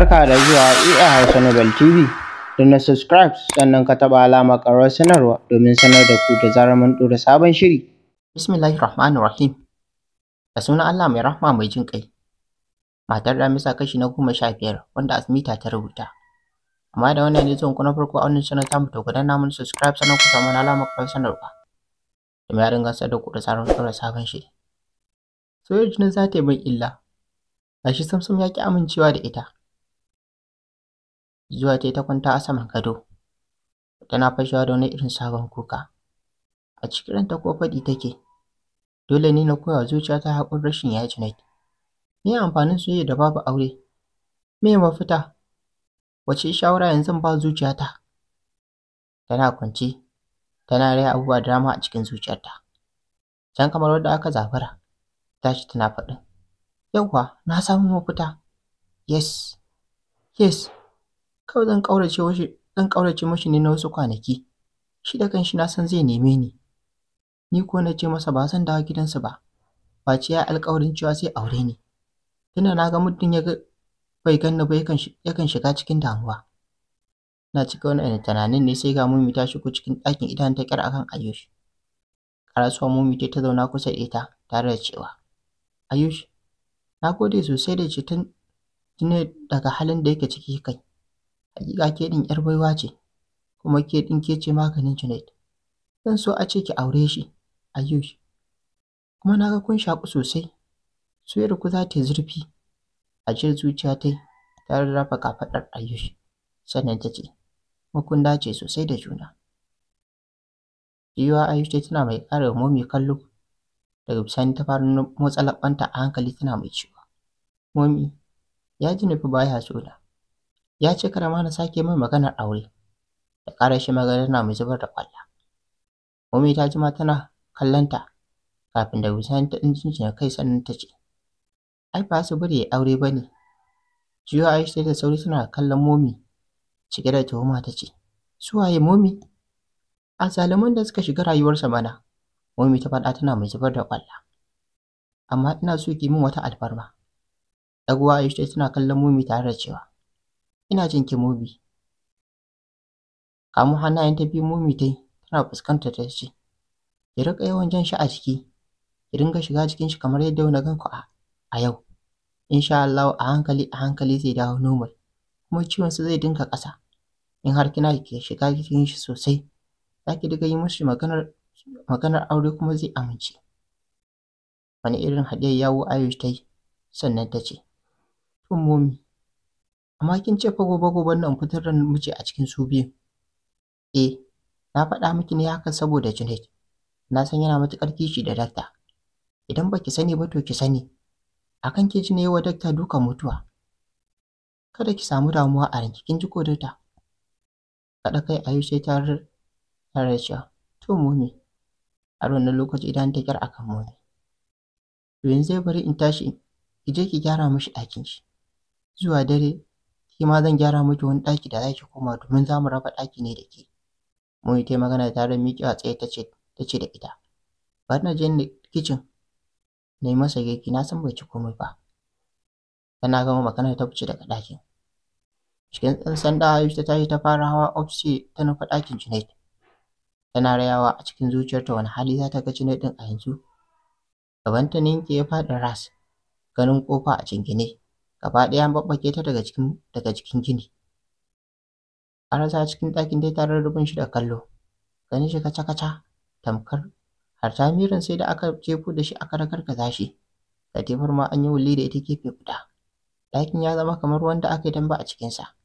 Barka da zuwa EA Hausa Nobel TV. Da na subscribe sannan ka taɓa alama ƙarar sanarwa domin sanar da ku da zarar mun dora sabon shiri. rahim Da sunan Allah mai rahma mai jin ƙai. Matar da misa kashi na goma sha biyar wanda Asmita ta rubuta. Amma da wannan ne zuwan kuna farko a wannan channel ta mutu gudan na mun subscribe sannan ku samu alama ƙarar sanarwa. mai ya dinga da ku da zarar mun dora sabon shiri. Soyayyar jinin za ta yi mai illa. Gashi Samsung ya ki amincewa da ita. zuwa ta yi ta kwanta a saman gado tana fashewa da wani irin sabon kuka a cikin ranta ko faɗi take dole ne na koya zuciya ta haƙun rashin yaji nake me amfanin soyayya da babu aure me mafita wace shawara yanzu ba zuciyata tana kwance tana raya abubuwa da dama a cikin zuciyarta can kamar wadda aka zabara tashi tana faɗin yauwa na samu mafita yes yes Kawai zan ƙaurace mashi ne na wasu kwanaki, shi da kanshi na san zai neme ni, ni ko na ce masa ba zan dawo gidansu ba face ya alƙawarin cewa sai aure ni, tunda na ga muddin ya bai ganna ba yakan shiga cikin damuwa. Ina wani wannan tunanin ne sai ga Mumi ta shigo cikin ɗakin idan ta ƙyar akan Ayush. Ƙarasuwa Momi ta zauna kusa da ita tare da cewa, Ayush, na gode sosai da ceton Junaid daga halin da yake ciki kai. Hakika ke din 'yar baiwa ce, kuma ke ɗin ke ce maganin Junaid. Zan so a ce ki aure shi, Ayush, kuma na ga kun shaku sosai. ku za ta yi zurfi. cikin zuciya ta ta rarrafa kafadar dafa Ayush, sannan ta ce, mu kun dace sosai da juna. Giwa Ayush tana mai ƙara Momi kallo, daga bisani ta fara motsa leɓɓanta a hankali tana mai cewa, Momi, ya ji nufi ba so ya ce karama na sake mai maganar aure da ƙara shi magana na mai zubar da kwalla Mummy ta jima tana kallonta kafin da bisani ta injin jinjina kai sannan ta ce ai ba su bari ya aure ba ne ai aisha da sauri tana kallon momi cike da tuhuma ta ce su waye momi a zaluman da suka shiga rayuwarsa mana momi ta faɗa tana mai zubar da kwalla amma ina so ki min wata alfarma ɗaguwa aisha tana kallon momi tare da cewa Ina jin kimomi kamu Kamo hannayen ta biyu Momi ta tana fuskantar ta ce, ki riƙa yawan jan shi a jiki, ki dinga shiga cikin shi kamar yadda wani ganku a a yau. Insha Allahu a hankali a hankali zai dawo normal kuma ciwon su zai dinga ƙasa. In har kina ke shiga jikin shi sosai za ki dinga yi mishi maganar maganar aure kuma zai amince. Wani irin haɗiyar yawo Ayush ta yi sannan ta ce, to Momi Amma kin ce fa gobe gobe nan fitar da miji a cikin su biyu Eh, na faɗa miki ne haka saboda Junaid. Na san yana matukar kishi da dakta. Idan baki sani ba to ki sani. akan kan ki ji ne wa dakta duka mutuwa. Kada ki samu damuwa a ranki, kin ji ko dakta? Kaɗa kai Ayu sai tar tarasha cewa, to momi. A wannan lokaci idan ta kyar akan momi. To yanzu bari in tashi, ki je ki gyara mishi ɗakin shi. Zuwa dare shi ma zan gyara miki wani ɗaki da zaki koma domin za mu raba ɗaki ne da ke. yi ta yi magana tare da a tsaye ta ce da ita. Ba na je kicin na yi masa girki na san bai ci komai ba. Tana gama magana ta fice daga ɗakin. Cikin tsantsan da ta yi ta fara hawa ofishe ta nufa ɗakin Junaid. Tana rayawa a cikin zuciyarta wani hali za ta ga Junaid ɗin a yanzu. Gabanta ne ya faɗi ras ganin ƙofa a jingine. gaba ɗaya an babbake ta daga cikin daga cikin gini an rasa cikin ɗakin dai ta rubin shi da kallo ganin shi kaca-kaca tamkar har tamirin sai da aka jefo da shi aka ragargaza shi katifar ma an yi wuli da ita gefe guda ɗakin ya zama kamar wanda aka yi damba a cikinsa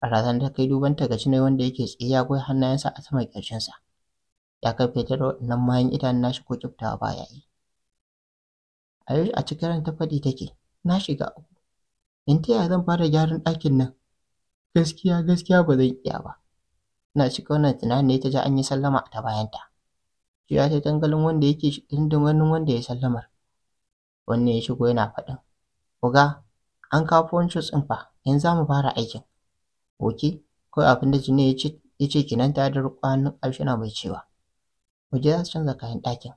a razan ta kai duban ta gaci ne wanda yake tsaye ya goyi hannayensa a saman ƙirjinsa ya kai ta da waɗannan mayan idanun nashi ko kyaftawa ba yayi a cikin ran ta faɗi take na shiga in ta yaya zan fara gyaran ɗakin nan gaskiya gaskiya ba zan iya ba ina cika wannan tunanin ne ta ji an yi sallama ta bayanta ya ta tangalin wanda yake dindimanin wanda ya sallamar wannan ya shigo yana faɗin Oga, an kawo wancan ɗin fa, in za mu fara aikin. Oke, ko abin da jini ya ce kenan ta da kwanan na mai cewa. Waje za su canza kayan ɗakin.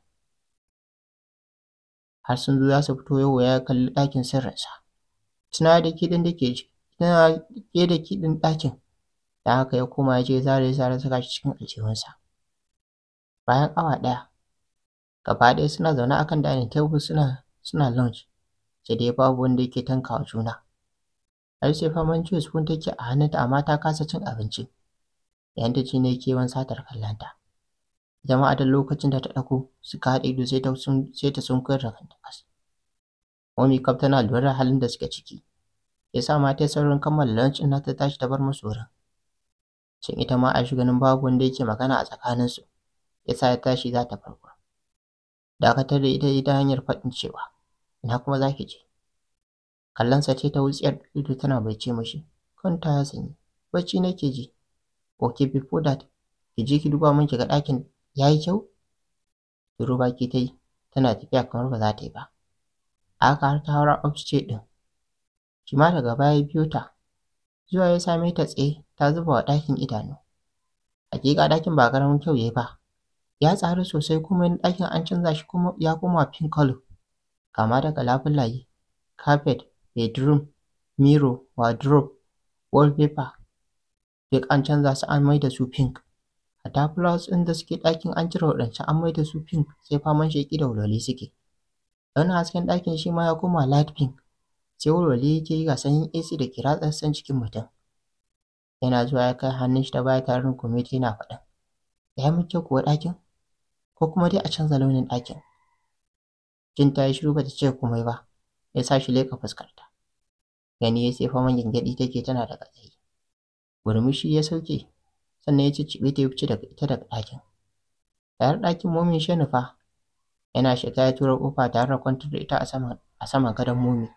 Har sun zo za su fito yau ya kalli ɗakin sirrinsa. tuna da ke ɗin da ke tuna ke da ke ɗakin da haka ya koma ya je zare zare saka shi cikin aljihunsa bayan awa ɗaya gaba ɗaya suna zaune akan dining table suna suna lunch sai dai babu wanda yake tankawa juna har sai faman juice spoon take a hannunta amma ta kasa cin abinci yayin da ne kewan satar kallanta ita ma a lokacin da ta ɗago suka haɗa ido sai ta sun sai ta sunkuyar da kanta Momi kaf tana lura da halin da suke ciki. Ya sa ma ta saurin kammala lunch ɗin ta tashi ta bar musu wurin. cin ita ma Aisha ganin babu wanda yake magana a tsakaninsu. Ya sa ya tashi za ta farko. Dakatar da ita ta hanyar faɗin cewa ina kuma za ki je. Kallonsa ce ta wutsiyar ido tana bai ce mashi. Kanta ya sanyi. Bacci nake ji. Okay before that ki je ki duba min ki ga ɗakin yayi kyau? Shiru baki ta yi tana tafiya kamar ba za ta yi ba. a haka har ta haura ɗin Kima daga baya ya biyo ta zuwa ya same ta tsaye ta zuba wa ɗakin idanu hakika ɗakin ba ƙaramin kyau ya ba ya tsari sosai kuma ɗakin an canza shi kuma ya koma pink color kama daga labulaye carpet bedroom mirror wardrobe wallpaper duk an canza su an maida su pink a flowers ɗin da suke ɗakin an cire waɗancan an maida su pink sai faman sheƙi da walwali suke Launin hasken ɗakin shi ma ya koma light pink sai wurwali yake yi ga sanyin AC da ke ratsa cikin mutum. Yana zuwa ya kai hannun shi ta baya tare da rungume ta yana faɗin, ya yi kyau kuwa ɗakin? Ko kuma dai a canza launin ɗakin? Jin ta yi shiru ba ta ce komai ba, ya sa shi leƙa fuskarta. Gani ya sai faman gyangyaɗi take tana da tsaye. Murmushi ya sauke sannan ya cicciɓe ta ya fice ita daga ɗakin. Tsakar ɗakin momin shi nufa Yana shiga ya tura kofa tare da kwantar da ita a saman gadon Momi.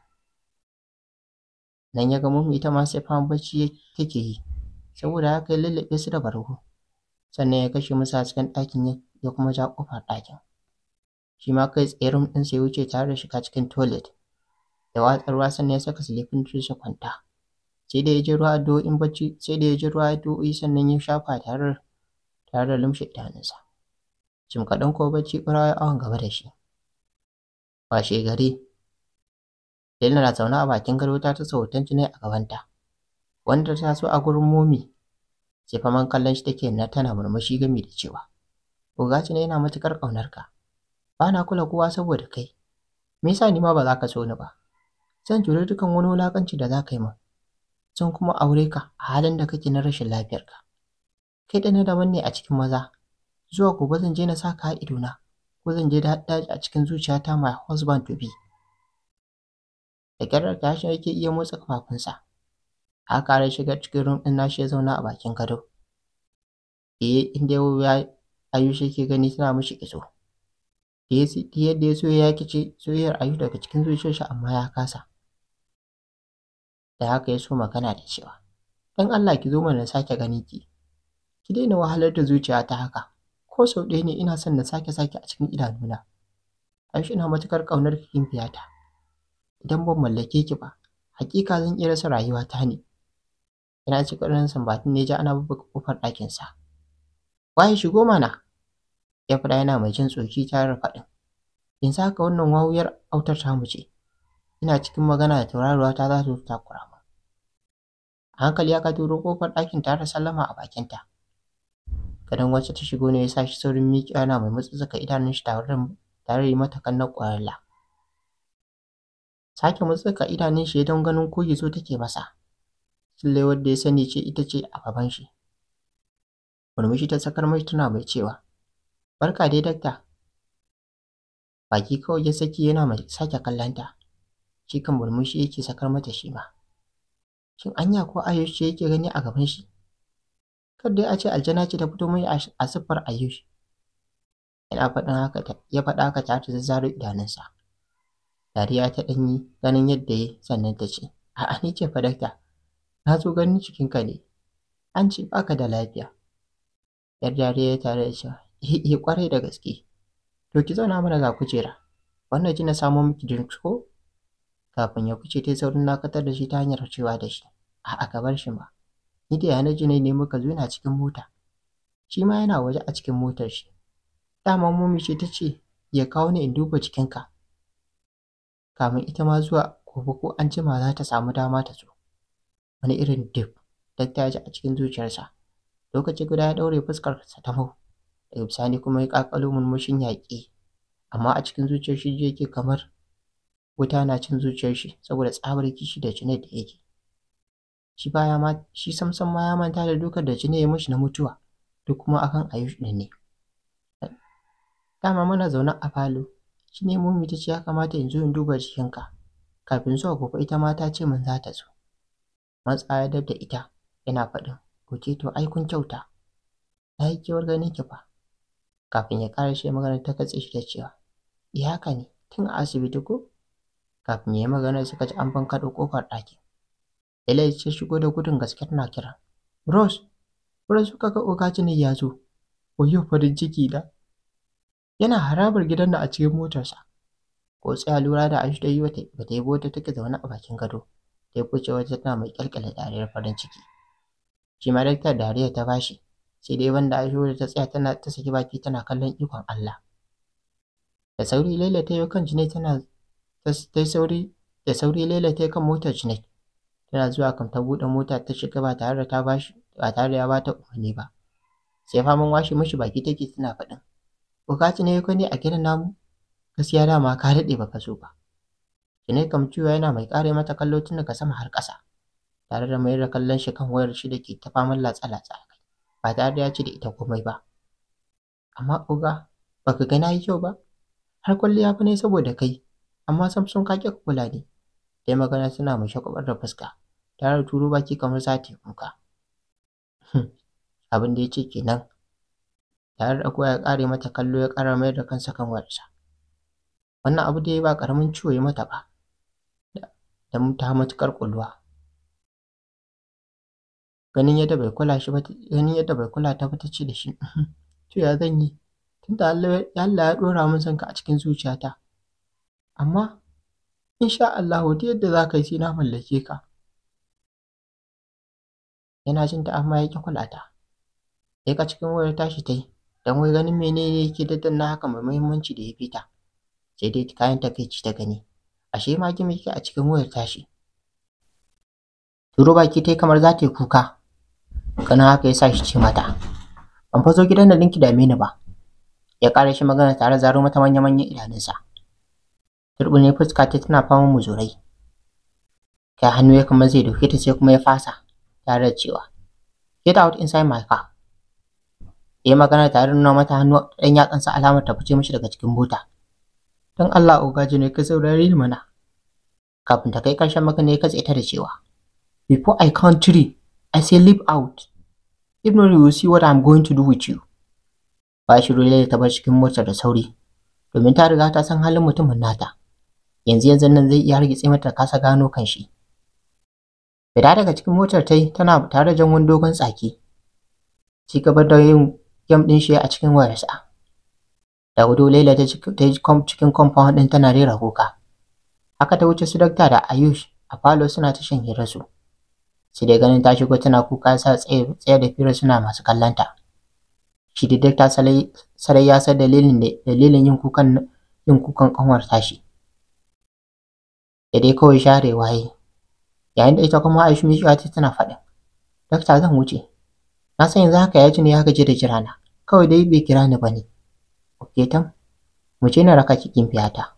Nan ya ga Momi ita ma sai fama bacci take yi, saboda haka ya lulluɓe su da bargo. Sannan ya kashe musu cikin ɗakin ya kuma ja ƙofar ɗakin. Shi ma kai tsaye rum ɗinsa ya wuce tare da shiga cikin toilet. Da watsa ruwa sannan ya saka silifin dress kwanta. Sai da ya ji ruwa do'in bacci, sai da ya ji ruwa do'i sannan ya shafa tare tare da lumshe idanunsa. jim kaɗan ko bacci ya awon gaba da shi washe gari Jalila na zaune a bakin gado ta tasa hoton jini a gabanta wanda ta so a gurin momi sai man kallon shi take na tana murmushi gami da cewa Ogaci ne yana matuƙar ƙaunarka ba na kula kowa saboda kai me yasa ni ma ba za ka so ni ba zan jure dukan wani wulaƙanci da za ka yi min Sun kuma aure ka a halin da kake na rashin lafiyarka kai ɗan daban ne a cikin maza zuwa gobe zan je na saka a na. ko zan je daji a cikin zuciyata my husband to be da ƙyar gashin yake iya motsa kafafunsa a kare shiga cikin rum din nashi ya zauna a bakin gado eh inda ya ayushe ke gani tana mishi kitso yadda ya so ya ce, soyayyar ayu daga cikin zuciyar shi amma ya kasa da haka ya so magana da cewa dan Allah ki zo mana na sake gani ki ki daina wahalar da zuciya ta haka ko sau ɗaya ne ina son na sake sake a cikin idanuna. Aishi ina matuƙar ƙaunar ki fiyata. Idan ban mallake ki ba, hakika zan iya rasa rayuwata ne. Ina ci ƙarin sambatin ne ja ana bubbuga ƙofar ɗakinsa. Waye shigo mana? Ya faɗa yana mai jin tsoki tare da faɗin. Yanzu haka wannan wawuyar autar tamu ce. Ina cikin magana da tauraruwa ta za ta takura mu. A hankali ya ka turo ƙofar ɗakin tare da sallama a bakinta. Gadon wacce ta shigo ne ya sa shi saurin miƙewa yana mai mutsuttsuka idanun shi tare da tare da mata kallon ƙwararla. Sake mutsuka idanun shi ya don ganin ko gizo take masa. Sille wadda ya sani ce ita ce a gaban shi. Murmushi ta sakar mashi tana mai cewa, Barka dai dakta. Baki kawai ya saki yana mai sake kallonta. Shi kan murmushi yake sakar mata shi ma. Shin anya ko Ayush yake gani a gaban shi? kar dai a ce aljana ce ta fito mai a siffar ayyush ina faɗin haka ya faɗa haka ta da zazzaro idanunsa dariya ta ɗanyi ganin yadda ya sannan ta ce a'a ni ce fadakta na zo ganin cikinka ne an ce baka da lafiya yar dariya ya tare da cewa eh kwarai eh, da gaske to ki zauna mana ga kujera wannan ji na samo miki drink ko kafin ya fice ta saurin dakatar da shi ta hanyar cewa da shi a'a ka bar shi ma ni da yanar Junai ne muka zo yana cikin mota shi ma yana waje a cikin motar shi dama mummy ce ta ce ya kawo ni in duba ka kamin ita ma zuwa gobe ko an jima za ta samu dama ta zo wani irin dip da ta ji a cikin zuciyarsa lokaci guda ya daure fuskar sa ta mu daga bisani kuma ya ƙaƙalo murmushin yaƙi amma a cikin zuciyar shi yake kamar wuta na cin zuciyar shi saboda tsabar kishi da Junaid da yake shi baya ma shi samsam ma ya manta da dukar da cine ya mishi na mutuwa duk kuma akan Ayush din ne dama muna zaune a falo shi ne mummy ta ce ya kamata in zo in duba jikinka kafin zuwa gobe ita ma ta ce min za ta zo matsa ya dab da ita yana faɗin ce to ai kun kyauta na yi kewar ganin ki fa kafin ya ƙara shi magana ta katse shi da cewa Iyaka ne tun a asibiti ko kafin ya yi magana suka ji an ban kaɗo ƙofar ɗakin Elias ya shigo da gudun gaske tana kira. Rose, Rose kuka ga ne ya zo, oyo farin ciki da. Yana harabar gidan da a cikin motarsa. Ko a lura da Aisha yi wata ba ta yi bota take zaune a bakin gado, ta yi kuce wata tana mai kyalkyale dariyar farin ciki. Shi ma daktar dariya ta bashi, sai dai wanda Aisha ta tsaya tana ta saki baki tana kallon ikon Allah. Da sauri Laila ta kan tana ta sauri da sauri Laila kan motar jinai. Yana zuwa kam ta buɗe mota ta shiga ba tare da ta bashi ba tare da ya bata umarni ba sai faman washe mishi baki take suna faɗin bukaci ne kai ne a gidan namu gaskiya dama ka daɗe baka zo ba Shine kam cewa yana mai ƙare mata kallo tun daga sama har ƙasa tare da mayar da kallon shi kan wayar shi da ke ta faman latsa-latsa ba tare da ya ci da ita komai ba amma uga baka ga nayi kyau ba har kwalliya fa ne saboda kai amma samson ka ƙi kula ne dai magana suna mai shakwabar da fuska tare da turo baki kamar za ta yi kuka hmm. abin da ya ce kenan tare da ya kare mata kallo ya ƙara mayar da kansa kan wayarsa wannan abu da ya ba ƙaramin ciwo ya mata ba da ta matuƙar ƙulwa ganin yadda bai kula shi ba ganin yadda bai kula ta ba ce da shi uhm, to ya zan yi tunda Allah ya ɗora min sanka a cikin zuciyata amma insha Allah wata yadda za ka yi sai na mallake ka yana jin da amma ya ƙi kula ka cikin wayar tashi tayi dan wai ganin menene yake daddanna haka mai muhimmanci da ya fita sai dai kayan takaici ta gani ashe ma ki yake a cikin wayar tashi turo baki ta yi kamar za ta yi kuka Kana haka ya sa shi ce mata ban fa zo gidan da linki dame ni ba ya ƙara shi magana tare zaro mata manya-manyan idanunsa ne fuska ta tana faman muzurai kai hannu ya kamar zai dauke ta sai kuma ya fasa tare da cewa Get out inside my car. Ya yi magana tare da nuna mata hannu ɗan yatsansa alamar ta fice mishi daga cikin mota. Don Allah ogaji ne ka saurari mana. Kafin ta kai ƙarshen magana ya katse ta da cewa Before I count three, I say leave out. If not, you see what I'm going to do with you. Ba shi rule ta bar cikin motar da sauri domin ta riga ta san halin mutumin nata. Yanzu yanzu nan zai iya hargitse mata kasa gano kanshi. Fita daga cikin motar ta yi tana tare da jan wani dogon tsaki. Ci gaba da yin gem ɗin shi a cikin wayarsa. Da gudu, Laila ta yi cikin compound ɗin tana rera kuka. Haka ta wuce su dakta da Ayush a falo suna ta shan su Sai dai ganin ta shigo tana kuka sa tsaye da fira suna masu kallonta. Shi da dakta sarai ya san dalilin dalilin yin kukan yin kukan kanwar tashi. Da dai kawai share waye yayin da ita kuma Aisha miƙewa ta tana faɗin dakta zan wuce na san yanzu haka ya ji ne ya gaji da jira na kawai dai bai kira ni bane oke tan mu ce na raka cikin fiyata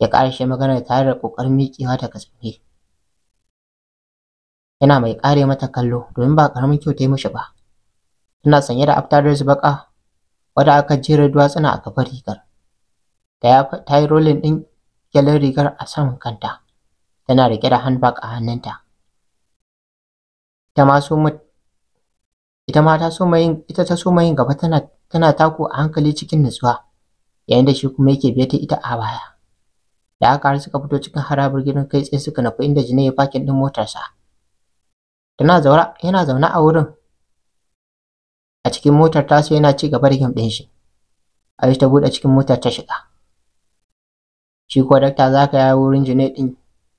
ya ƙarashe magana tare da ƙoƙarin miƙewa ta gaske yana mai ƙare mata kallo domin ba ƙaramin kyau ta yi mishi ba tana sanye da aftar baka wadda aka jera duwatsuna a gaban rigar ta yi rolin ɗin gyalen rigar a saman kanta tana riƙe da handbag a hannunta ita ma ta so yin ita ta yin gaba tana tana tako a hankali cikin nutsuwa yayin da shi kuma yake biye ta ita a baya da haka har suka fito cikin harabar gidan kai tsaye suka nufi inda jini ya fakin din motarsa tana zaura yana zaune a wurin a cikin motar tasu yana ci gaba da game ɗin shi Aisha ta buɗe cikin motar ta shiga shi kuwa dakta zaka yawo wurin jini ɗin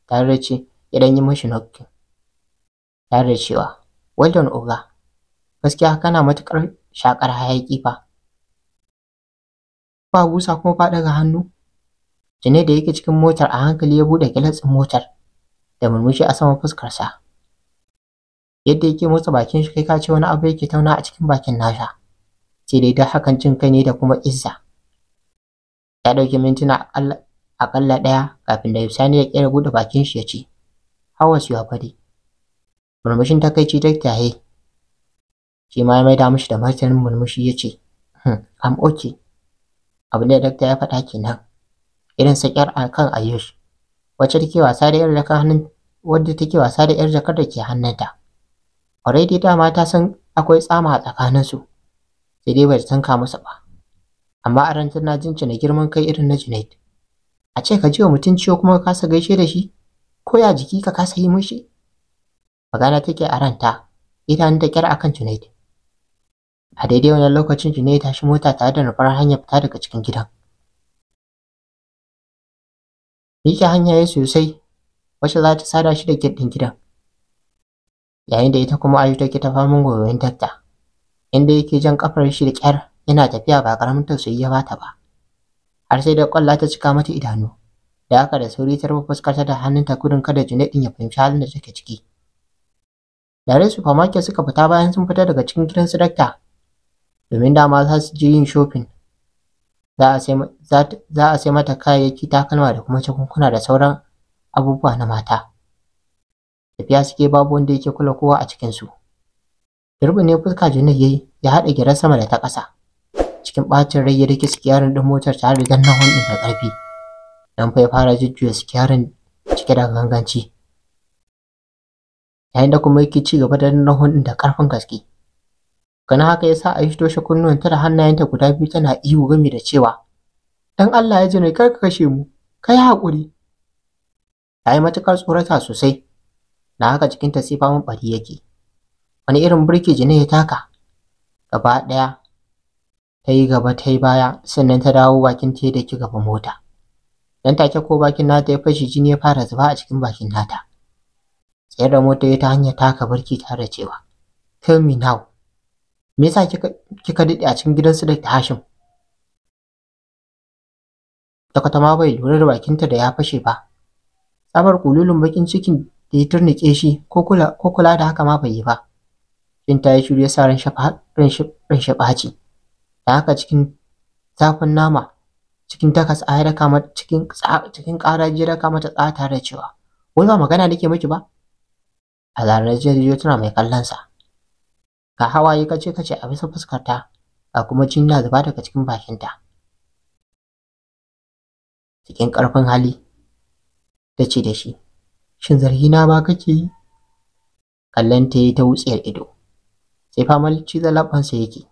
tare da ce ya ɗan yi mashi nokin tare da cewa well oga gaskiya kana matuƙar shakar hayaƙi fa ba busa kuma ba daga hannu jine da yake cikin motar a hankali ya buɗe gilasin motar da murmushi a saman fuskarsa yadda yake motsa bakin shi kai ka ce wani abu yake tauna a cikin bakin nasa sai dai da hakan cin kai ne da kuma izza ya ɗauki mintuna aƙalla ɗaya kafin da Sani ya ƙera buɗe bakin shi ya ce, How was your body? Murmushin takaici ta tahe. Shi ma ya maida mishi da martanin murmushi ya ce, hmm, I'm okay. ne da ya faɗa kenan. Irin sa ƙyar a kan Ayush, wacce take wasa da 'yar jakar hannun wadda take wasa da 'yar jakar da ke hannunta. Already dama ta san akwai tsama a tsakaninsu, sai dai bai san musu ba. Amma a ran tana jin na girman kai irin na Junaid. a ce ka ji wa mutum ciwo kuma ka kasa gaishe da shi ko ya jiki ka kasa yi mishi magana take a ranta idan da kyar akan Junaid a daidai wannan lokacin Junaid ta shi mota tare da nufar hanyar fita daga cikin gidan Mike hanya ya sosai wacce za ta sada shi da gindin gidan yayin da ita kuma ayu take ta gobe goyon tatta inda yake jan kafar shi da kyar yana tafiya ba karamin tausayi ya bata ba har sai da kwalla ta cika mata idanu da haka da sauri ta rufe fuskarta da hannunta gudun kada Junaid ya fahimci halin da take ciki Yaren supermarket suka fita bayan sun fita daga cikin gidan su dakta domin dama za su je yin shopping za a sai mata kayayyaki takalma da kuma jakunkuna da sauran abubuwa na mata tafiya suke babu wanda yake kula kowa a cikinsu Girbin ne fuska Junaid ya haɗa girar sama da ta ƙasa cikin bacin rai ya rike sikiyarin ɗin motar ta da ganna hon ɗin da ƙarfi dan fa ya fara jujjuya sikiyarin cike da ganganci yayin da kuma yake ci gaba da danna hon ɗin da ƙarfin gaske kana haka ya sa a yi toshe kunnuwanta da hannayenta guda biyu tana ihu gami da cewa dan Allah ya ji kar ka kashe mu ka yi haƙuri ta yi matuƙar tsorata sosai na haka jikinta sai faman ɓari yake wani irin birki ne ya taka gaba ɗaya ta yi gaba ta yi baya sannan ta dawo bakin ta da ki gaba mota dan take ko bakin nata ya fashe jini ya fara zuba a cikin bakin nata tsayar da mota ta hanyar taka barki tare cewa tell me now me yasa kika kika dade a cikin gidansu da ta Hashim ta ma bai lura da bakinta da ya fashe ba. Tsabar kululun bakin cikin da ya turnike shi ko kula da haka ma bai yi ba. Shin ta yi shiru ya sa ran da haka cikin zafin nama cikin takas a daka mata cikin cikin ƙara ya daka mata tsata da cewa wai ba magana da ke miki ba a zarar da tana mai kallon sa hawaye kace kace a bisa fuskarta a kuma jin na zuba daga cikin bakinta cikin ƙarfin hali ta ce da shi shin zargi na ba kake yi kallon ta yi ta wutsiyar ido sai famal cizon labansa yake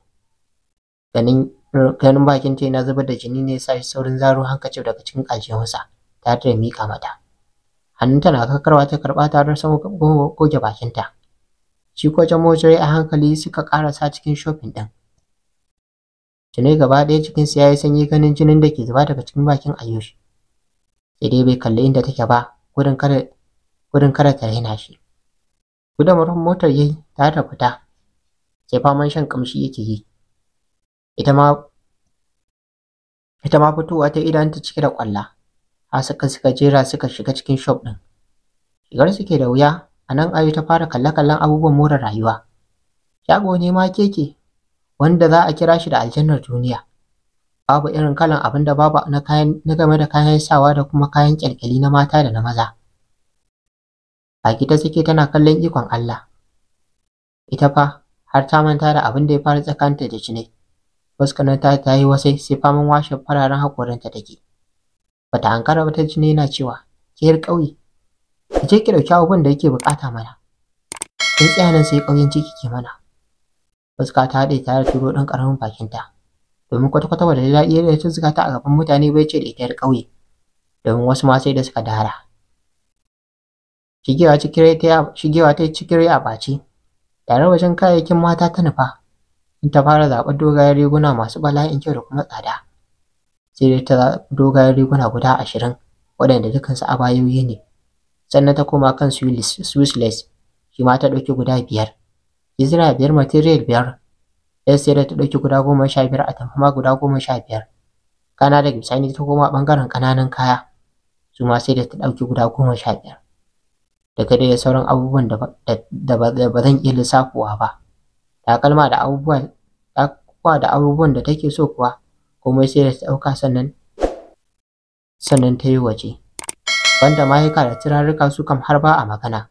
ganin er, ganin bakin ta yana zubar da jini ne ya sa saurin zaro hankacin daga cikin aljihunsa Ta da mika mata hannunta na kakarwa ta karɓa tare da goge bakinta shi ko a hankali suka karasa cikin shopping ɗin tuni gaba ɗaya cikin ya yi sanyi ganin jinin da ke zuba daga cikin bakin ayush sai dai bai kalli inda take ba gudun kada gudun kada ta yana shi gudun motar yayi ta ta fita sai faman shan kamshi yake yi ita ma ita ma fitowa ta idanta cike da kwalla hasuka suka jera suka shiga cikin shop ɗin shigar suke da wuya a nan ayu ta fara kalla kallen abubuwan more rayuwa shago ne ma keke wanda za a kira shi da aljannar duniya babu irin kalan abin da babu na kayan na game da kayan sawa da kuma kayan kyalkyali na mata da na maza a gida suke tana kallon ikon Allah ita fa har ta manta da abin da ya fara tsakanta da Junaid fuskar ta ta yi wasai sai faman washe fararen haƙorinta take bata ankara ba ta ji ne yana cewa ke ƙauye ki je ki ɗauki abubuwan da yake buƙata mana kin tsaya nan sai ƙauyen ciki ke mana fuska ta haɗe tare da turo ɗan ƙaramin bakinta domin kwata-kwata wadda ta iya da ta ta a gaban mutane bai ce da ita yar ƙauye domin wasu ma sai da suka dara shigewa cikin ta yi ta cikin a baci tare wajen kayayyakin mata ta nufa in ta fara zaɓar dogayen riguna masu bala'in kyau da kuma tsada sai dai ta zaɓi dogayen riguna guda ashirin waɗanda dukansu abayoyi ne sannan ta koma kan swissless shi ma ta ɗauki guda biyar izra biyar material biyar sai sayar ta ɗauki guda goma sha biyar a tamfama guda goma sha biyar kana da bisani ta koma ɓangaren ƙananan kaya su ma sai da ta ɗauki guda goma sha biyar daga dai sauran abubuwan da ba zan iya lissafowa ba takalma da abubuwan Kowa da abubuwan da take so kuwa komai sai da ta ɗauka sannan sannan ta yi waje banda mayuka da turaruka su kam har ba a magana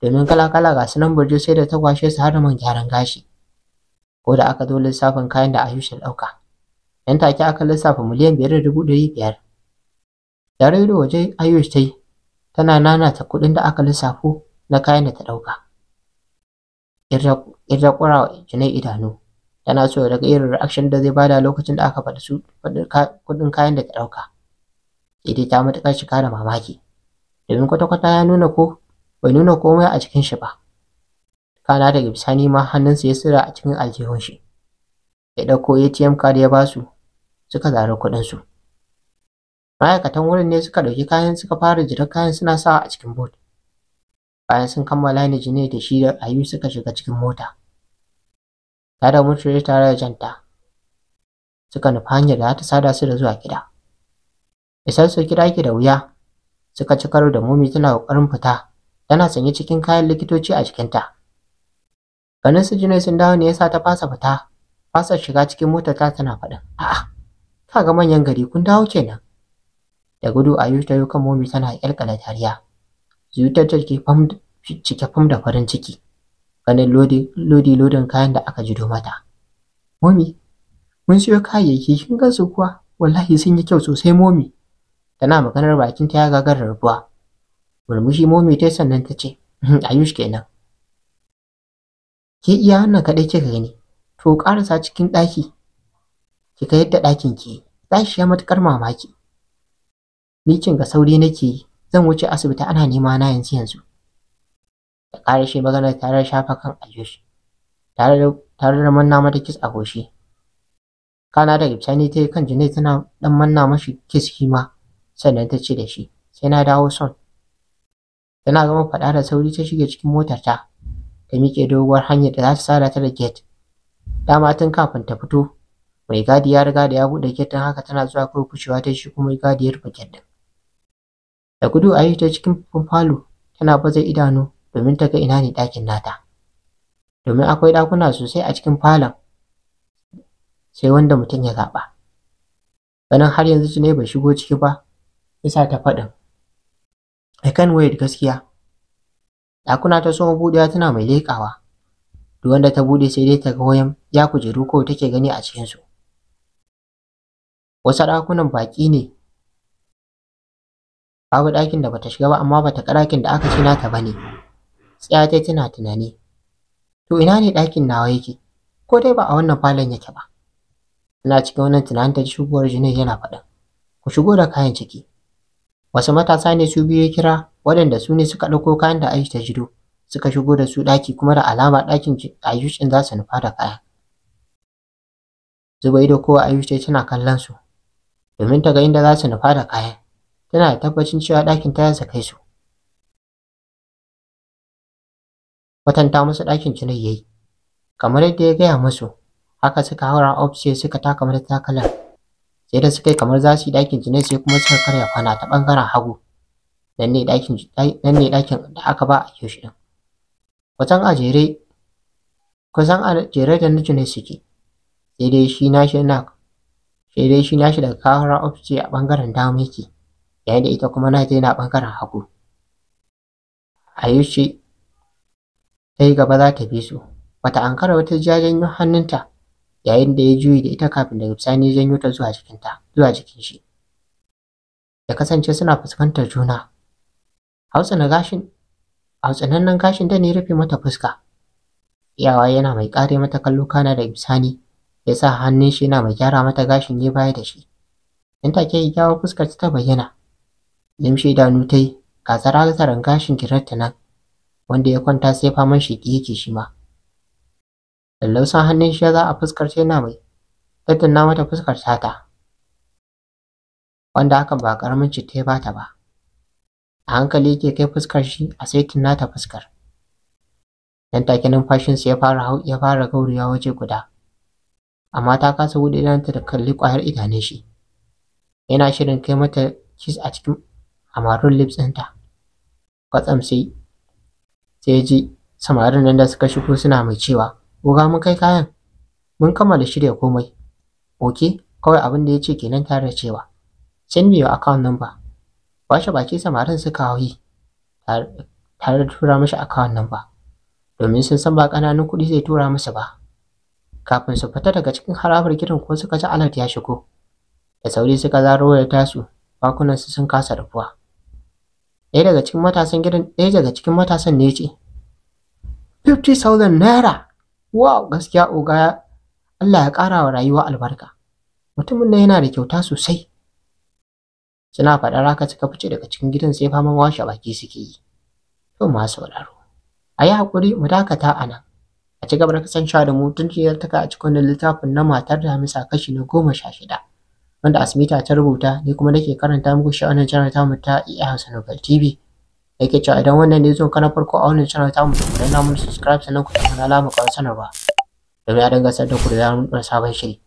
domin kala-kala ga sunan burje sai da ta kwashe su har man gyaran gashi ko da aka zo lissafin kayan da ayush ya ɗauka Yan take aka lissafa miliyan biyar da dubu ɗari biyar da waje ayush ta yi tana nanata kuɗin da aka lissafo na kayan da ta ɗauka. Irra ƙura wa jinai idanu, yana so daga irin reaction da zai bada lokacin da aka faɗi su kuɗin kayan da ta ɗauka daidai ta matuƙar cika da mamaki domin kwata-kwata ya nuna ko bai nuna komai a cikin shi ba kana da gibsani ma hannunsa ya tsira a cikin aljihun shi ya ɗauko atm card ya basu suka zari su. ma'aikatan wurin ne suka ɗauki kayan suka fara jiran kayan suna sawa a cikin bot bayan sun kammala ne jini da shi da ayu suka shiga cikin mota ta da mutu tare da janta suka nufi hanyar da ta sada su da zuwa gida Isan su gida ke da wuya suka ci karo da momi tana ƙoƙarin fita tana sanye cikin kayan likitoci a jikinta ganin su jinai sun dawo ne yasa ta fasa fita fasa shiga cikin motar ta tana faɗin a'a kaga manyan gari kun dawo kenan da gudu a ta yi kan momi tana ƙyalƙala dariya zuwa ta cike fam da farin ciki Wani lodi lodin kayan da aka jido mata momi mun siyo kayayyaki kin su kuwa wallahi sun yi kyau sosai momi tana maganar bakin ta ya gagara rabuwa murmushi momi ta sannan ta ce hmm, ayush kenan ke iya wannan kaɗai kika gani to ƙarasa cikin ɗaki Kika yadda ɗakin ke ɗaki ya matuƙar mamaki ni kin ga sauri nake yi zan wuce asibiti ana nema na yanzu yanzu shi ƙarashe maganar tare da shafa kan tare da da manna mata kis a goshi kana da ne ta yi kan Junaid tana dan manna mashi kis kima sannan ta ce da shi sai na dawo son tana gama faɗa da sauri ta shiga cikin motarta ta miƙe doguwar hanyar da za ta sada ta da get. dama tun kafin ta fito mai gadi ya riga da ya buɗe get, don haka tana zuwa kurkushewa ta shi kuma gadi ya rufe da gudu a yi ta cikin falo tana baza idanu domin ta ga ina ne ɗakin nata domin akwai ɗakuna sosai a cikin falon sai wanda mutum ya zaɓa ganin har yanzu ne bai shigo ciki ba yasa ta faɗin I can wait gaskiya ɗakuna ta soma buɗewa tana mai leƙawa duk wanda ta buɗe sai dai ta ga wayan ya kujeru ko take gani a cikinsu wasu ɗakunan baƙi ne babu ɗakin da bata shiga ba amma bata ƙarakin da aka ci nata ba ne. tsaya ta tana tunani to ina ne ɗakin nawa yake ko dai ba a wannan falon yake ba Ina cikin wannan tunanin ta shugowar jinin yana faɗin ku shigo da kayan ciki wasu matasa ne su biyu ya kira waɗanda su ne suka ɗauko kayan da Aisha ta jido suka shigo da su ɗaki kuma da alama ɗakin Ayush za su nufa da kayan zuba da kowa Ayushin tana kallon su domin ta ga inda za su nufa da kaya tana da tabbacin cewa ɗakin ta yasa kai su kwatanta musu ɗakin cinai yayi kamar yadda ya gaya musu haka suka haura ofishe suka taka mata takalar sai da suka yi kamar za su yi ɗakin cinai sai kuma suka karya kwana ta ɓangaren hagu nan ne ɗakin da aka ba a kiyoshi ɗin kusan a jere kusan a jere da na cinai suke sai dai shi nashi na sai dai shi nashi daga kawara ofishe a ɓangaren dama yake yayin da ita kuma na ta yana ɓangaren hagu Ayushi Sai gaba za ta bi su wata ankara wata ta ja janyo hannunta yayin da ya juyi da ita kafin da bisani ya janyo ta zuwa ta zuwa jikin shi ya kasance suna fuskantar juna na gashin nan gashin da ne rufe mata fuska iyawa yana mai kare mata kallo kana da bisani ya sa hannun shi yana mai gyara mata gashin ya baya da shi in take yi gyawa fuskar ta bayyana limshi idanu ta yi ga zaran gashin kirarta nan wanda ya kwanta sai faman shiki yake shi ma lallausan hannun shi za a fuskar sai na mai na mata fuskar tata wanda hakan ba karamin citta ya bata ba a hankali yake kai fuskar shi a saitin nata fuskar nan take sai ya fara hau ya fara gauriya waje guda amma ta kasa buɗe idanta da kalli kwayar idanun shi yana shirin kai mata kiss a cikin amarun lips ɗinta kwatsam sai sai ya ji samarin nan da suka shigo suna mai cewa oga mun kai kayan mun kammala shirya komai oke kawai abin da ya ce kenan tare da cewa send me your account number washe baki samarin suka hauyi tare da tura mashi account number domin sun san ba ƙananun kuɗi zai tura musu ba kafin su fita daga cikin harabar gidan ko suka ji alert ya shigo da sauri suka zaro ya tasu su sun kasa rufuwa ɗaya daga cikin matasan gidan ɗaya daga cikin matasan ne ce 50,000 naira wow gaskiya oga Allah ya ƙara wa rayuwa albarka mutumin nan yana da kyauta sosai suna faɗar haka suka fice daga cikin gidan sai faman washe baki suke yi to ma sauraro a yi haƙuri mu dakata a nan a ci gaba da kasancewa da mu tun taka a cikin littafin na matar da Hamisa kashi na goma sha shida wanda Asmita ta rubuta ni kuma nake karanta muku shi a wannan channel mu ta iya e Hausa Nobel TV yake cewa idan wannan ne zo kana farko a wannan channel mu da danna mun subscribe sannan ku danna alama ƙarar sanarwa domin a dinga sanar da ku da zaran mun sabon shiri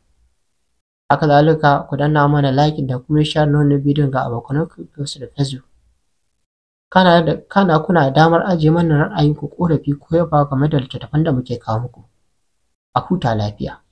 haka zalika ku danna mana like da kuma share na wannan bidiyon ga abokan ku da Facebook kana da kana kuna damar ajiye mana ra'ayinku korafi ko yaba game da littattafan da muke kawo muku a huta lafiya